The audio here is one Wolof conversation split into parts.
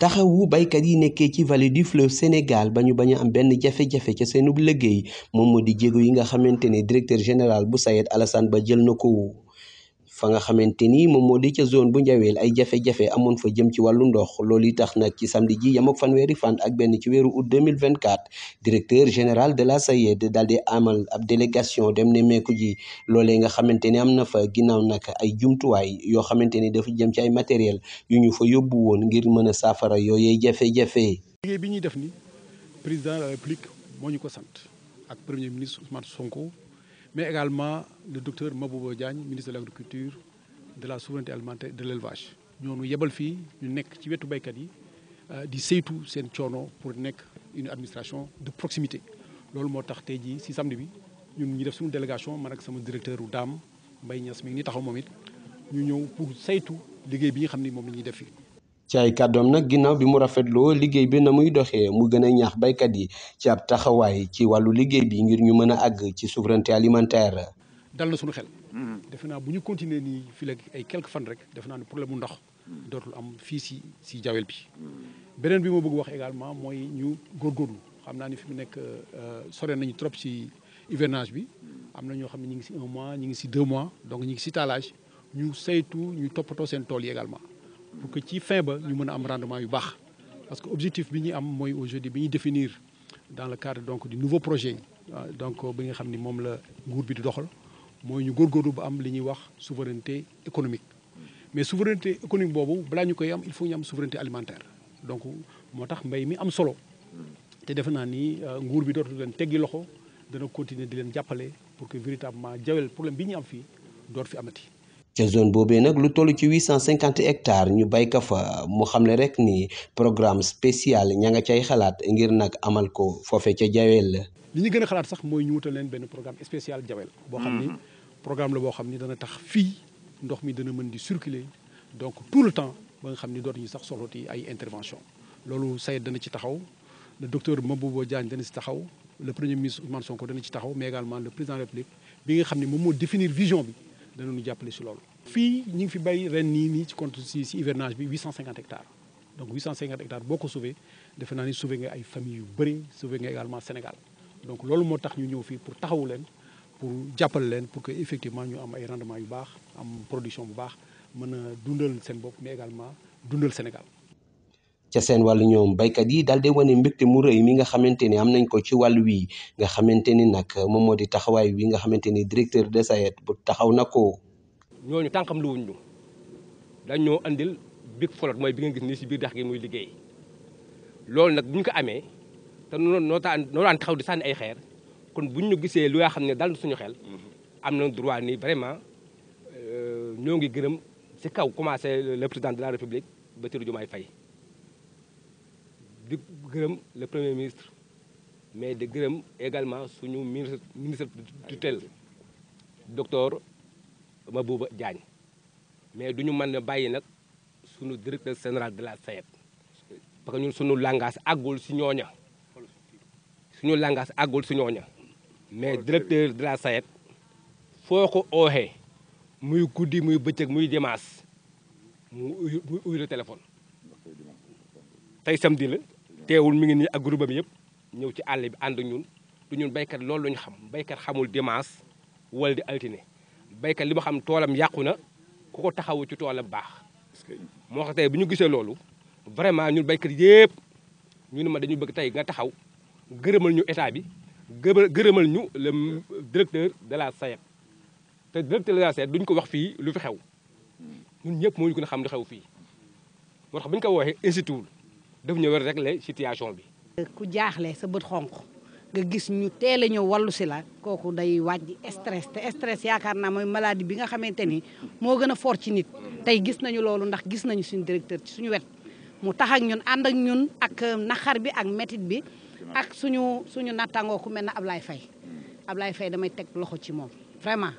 taxawu baykat yi nekkee ci vallée du fleuve Sénégal ba ñu bañ am benn jafe-jafe ca seenub liggéey moom moo di jéego yi nga xamante ne directeur général bu SAED Alassane Ba jël na ko. fa nga xamante ni moom moo di ca zone bu njaweel ay jafe-jafe amoon fa jëm ci wàllu ndox lool yi tax nag ci samedi ji yam fan weeri fan ak benn ci weeru août 2024 directeur général de la SAED daal di amal ab délégation dem ne meeku ji loolee nga xamante ni am na fa ginnaaw nag ay jumtuwaay yoo xamante ni dafa jëm ci ay matériel yu ñu fa yóbbu woon ngir mën a saafara yooyee jafe-jafe. liggéey bi ñuy def ni président de la république moo ñu ko sant ak premier ministre Ousmane mais également le docteur Mabouba Diagne ministre de l'agriculture, de la souveraineté alimentaire de l'élevage. élevage ñoonu yebal fii ñu nekk ci wetu baykat yi euh, di saytu seen coono pour une administration de proximité ce que nous avons jii si samedi bi ñun fait def délégation man ak sama directeur u daam Mbaye Niass mi ngi ni taxaw moom ñu ñëw pour saytu liggéey bi nga xam ni moom la def ci ay kàddoom nag ginnaaw bi mu rafetloo liggéey bi na muy doxee mu gën a ñax baykat yi ci ab taxawaay ci wàllu liggéey bi ngir ñu mën a àgg ci souveraineté alimentaire. dal na suñu xel. Hmm. defe naa bu ñu continuer nii fii la ay quelques fan rek defe naa ne problème mu ndox. dootul am fii si si jawel bi. Hmm. beneen bi ma bëgg wax également mooy ñu góorgóorlu xam naa ni fi mu nekk euh, sore nañu trop si hivernage bi hmm. am na ñoo xam ne ñu ngi si un mois ñu ngi si deux mois donc ñu ngi si taalage ñu saytu ñu toppatoo seen tool yi pour que ci fin ba ñu mën a am rendement yu baax parce que objectif bi ñuy am mooy aujourd'hui bi ñuy définir dans le cadre donc du nouveau projet ah, donc euh, bi nga xam ni moom la nguur bi di doxal mooy ñu góorgóorlu ba am li ñuy wax souveraineté économique mais souveraineté économique boobu balaa ñu koy am il faut ñu am souveraineté alimentaire donc moo tax mbay mi am solo te defe naa ni euh, nguur bi dootu leen teggi loxo dana continuer di leen jàppale pour que véritablement jawel problème bi ñu am fii dootu fi amati ca zone bobé nak lu tollu ci 850 hectares ñu bay ka fa mu xam rek ni programme spécial ñanga nga cay xalaat ngir nak amal ko fofé ci Jawel la. li ñu gëna xalaat sax moy ñu wutal leen benn programme spécial Jawel. Mhm. bo xamni programme la bo xamni dana tax fi ndox mi dana mën di circuler donc tout le temps ba nga xam ni dootuñu sax soxlati ay intervention lolu Sayed dana ci taxaw le docteur Mabubo Diagne dana ci taxaw le premier ministre Ousmane Sonko dana ci taxaw mais également le président de la République bi nga xamni ni mo définir vision bi danañu jàppale si loolu. fii ñu ngi fi bay ren nii nii ci compte si si hivernage bi 850 hectares donc 850 hectares boo ko sauvé defe naa ni sauvé nga ay famille yu bëri sauvé nga également Sénégal donc loolu moo tax ñu ñëw fii pour taxawu leen pour jàppale leen pour que effectivement ñu am ay rendement yu baax am production bu baax mën a dundal seen bopp mais également dundal Sénégal. ca seen wàllu ñoom baykat yi daal di wane mbégte mu rëy mi nga xamante ni am nañ ko ci wàll wii nga xamante ni nag moom moo di taxawaay wi nga xamante ni directeur de SAED bu taxaw na ko. ñooñu tànkam lu wuñ ñu dañ ñoo indil big folot mooy bi nga gis nii si biir dex gi muy liggéey loolu nag bu ñu ko amee te noonu noo taan noo daan taxaw di sànni ay xeer kon bu ñu gisee lu nga xam ne dal na suñu xel mm-hmm. am na droit nii vraiment euh, ñoo ngi gërëm si kaw commencé le président de la république Bassirou Diomaye Faye le premier ministre mais également suñu ministre tutelle docteur Mabouba Diagne mais nous man directeur général de la parce que ñun suñu langage àggul si suñu langage mais directeur de la vous foo ko muy muy muy téléphone samedi teewul mi ngi ni ak groupe am yëpp ñëw ci àll bi ànd ak ñun du ñun baykat loolu la ñu xam baykat xamul dimanche wala di altine baykat li ma xam toolam yàqu na ku ko taxawu ci toolam baax. moo tax tey bu ñu gisee loolu vraiment ñun baykat yëpp ñu ne ma dañu bëgg tey nga taxaw gërëmal ñu état bi gërëmal ñu le directeur de la SAED te directeur de la SAED duñ ko wax fii lu fi xew ñun ñëpp moo ñu gën a xam lu xew fii moo tax bu ko waxee institut daf ñu war rek la situation bi. ku jaaxle sa bët xonq nga gis ñu teel a ñëw wallu si la kooku day wàññi stress te stress yaakaar naa mooy maladie bi nga xamante ni moo gën a foor ci nit. tey gis nañu loolu ndax gis nañu suñu directeur suñu wet mu tax ak ñun ànd ak ñun ak euh, naxar bi ak métit bi ak suñu suñu nattangoo ku mel ne Ablaye Faye Ablaye Faye damay teg loxo ci moom vraiment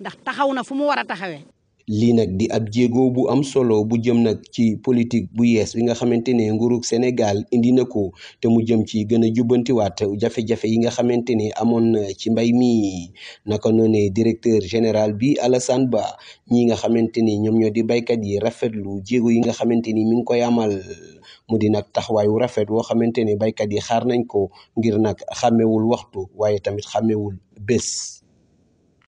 ndax taxaw na fu mu war a taxawee. lii nag di ab jéego bu am solo bu jëm nag ci politique bu yees bi nga xamante ne nguurug Sénégal indi na ko te mu jëm ci gën a jubbantiwaat jafe-jafe yi nga xamante ne amoon na ci mbay mi naka noone directeur général bi Alassane Ba ñi nga xamante ni ñoom ñoo di baykat yi rafetlu jéego yi nga xamante ni mi ngi koy amal mu di nag taxawaayu rafet woo xamante ne baykat yi xaar nañ ko ngir nag xàmmewul waxtu waaye tamit xàmmewul bés